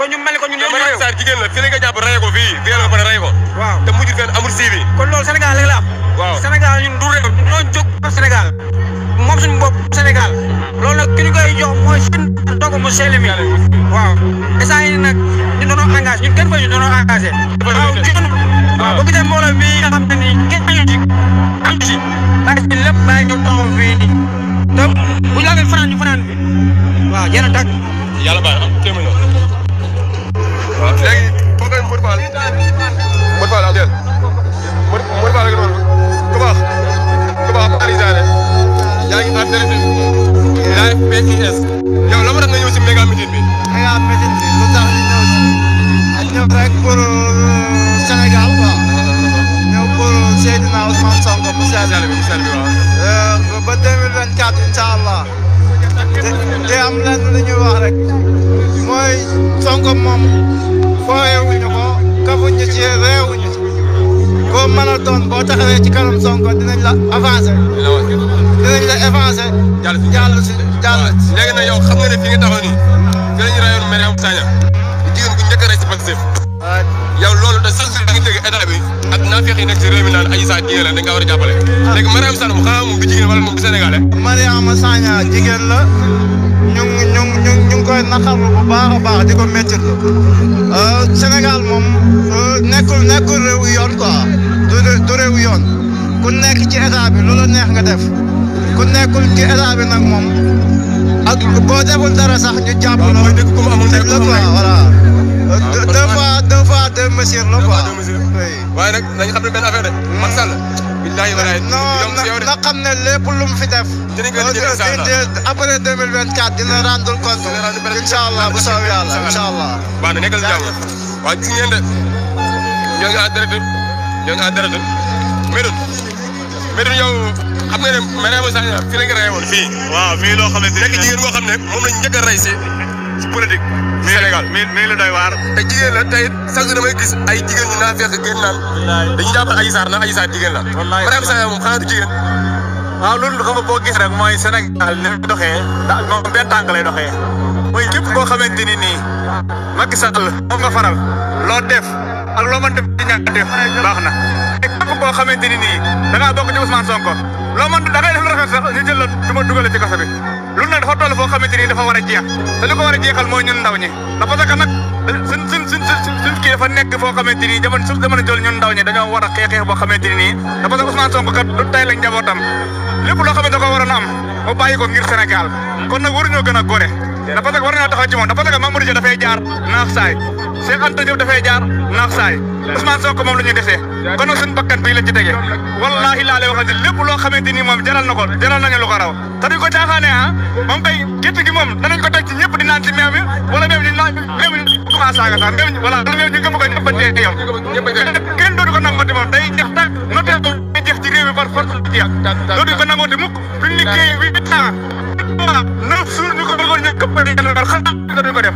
kon ñu mel ko ñun yow Mariam Sarr jigéen la fii la nga jàpp rey ko fii fii la ba rey ko waaw te mujj fenn amul siibi kon loolu Sénégal rek la am waaw Sénégal ñun du réew ñoo jóg Sénégal moom suñu bopp Sénégal mhm. loolu nag ki ñu koy jox mooy suñu dogu mu sell mi waaw instant yii nag ñu doonoo engagé ñun kenn koy ñu doonoo engagé waaw ñun waaw boo gisee mbooloo bi nga xam ne nii kenn ñu ci am ci bàyyi si lépp bàyyi ñu taxaw fii te bu ñu laajee fanaan ñu fanaan bi waaw yéen a tàgg yàlla baax na Fall Modou Fall ak jël Modou Fall ak noonu ku baax ku baax Aliou Sané yaa ngi ànd télé live PTS yow la ma tax nga ñëw si méga meeting bi méga meeting bi lu tax ñu ñëw si ak ñëw rek pour Sénégal quoi ñëw pour Seydina Ousmane Sonko mu seet bi mu seet bi waaw ba 2024 incha allah te am lenn lu ñuy wax rek mooy Sonko moom fooyewu ñu ko xamuñu ci réewuñu ci koo mën a doon boo taxawee ci kanam Sonko dinañ la avancer. dinañ la avancer. jàll si jàll si jàll. léegi nag yow xam ne fi nga taxaw nii fi la ñu rayoon Mariam Sagna naa fexe nekk si réew mi naan Adji Sarr jigéen la da nga a jàppale. Ah. léegi Mariama Sarr la ñu ngi ñu ngi ñu ngi koy a baax di ko métti la euh, Sénégal moom euh, nekkul nekkul réew yoon quoi du du réew yoon ku nekk ci état bi lu neex nga def ku nekkul ci état bi nag moom ak boo deful dara sax ñu jàpp la. waaw mooy dëkk la quoi waaye nag dañu xam ne benn affaire de. Macky Sall. billahi walaay yomb si yow de non na xam ne lépp lu mu fi def. dinañ ko liggéey incha allah après 2024 dina rendre compte. dina rendre benn incha allah bu soobee yàlla incha allah. waaw ne nekkal jàmm waaw gis ngeen de ñoo ngi en direct ñoo ngi en direct Médoune Médoune yow xam nga ne Mariama Sagna fii la nga rey woon fii. waaw fii loo xam ne nekk jigéen boo xam ne moom lañ njëkk a rey si ci politique. Sénégal mais mais la doy waar. te jigéen la tey sax damay gis ay jigéen ñu naan fekk génn naan. wallaay dañuy jàppal Adji Sarr naan Adji Sarr jigéen la. wallaay Marième Sarr moom xanaa du jigéen. waaw loolu xam nga boo gis rek mooy Sénégal ni mu doxee. ndax moom benn tànk lay doxee. mooy képp koo xamante ni faral. loo def ak loo mën di ñàkk def baax na. te képp koo xamante ni da ngaa bokk ci Ousmane Sonko loo mën da ngay def lu rafet sax ñu jël la duma dugale ci boo xamante ni dafa war a jeex te li ko war a jeexal mooy ñun ndaw ñi la parce que nag suñ suñ suñ kii dafa nekk foo xamante ni jamono suuf jamono jël ñun ndaw ñi dañoo war a xeex xeex boo xamante ni la parce que Ousmane Sonko kat du tay la njabootam lépp loo xamante da ko waroon am mu bàyyi ko ngir Sénégal kon nag waruñoo gën a gore la parce que war nañoo taxaw ci moom la parce naax saay Cheikh Anta Diop dafay jaar naax saay Ousmane Sonko moom la ñu desee kon nag suñu bakkan bii la ci tege wallaahi laa lay wax ne lépp loo xamante ni moom jaral na ko jaral nañu lu ko raw te duñ ko caaxaane ah moom kay gétt gi moom danañ ko teg ci ñëpp di naan ci meew mi wala meew ñu naan meew mi commencé saaga sax meew ñu voilà meew ñu gëm ko ñëppantee yow kenn dootu ko nangooti moom day jeex tàkk notee ko day jeex ci réew mi par force ci yàq dootuñ ko nangooti mukk duñ liggéey huit ans neuf jours ñu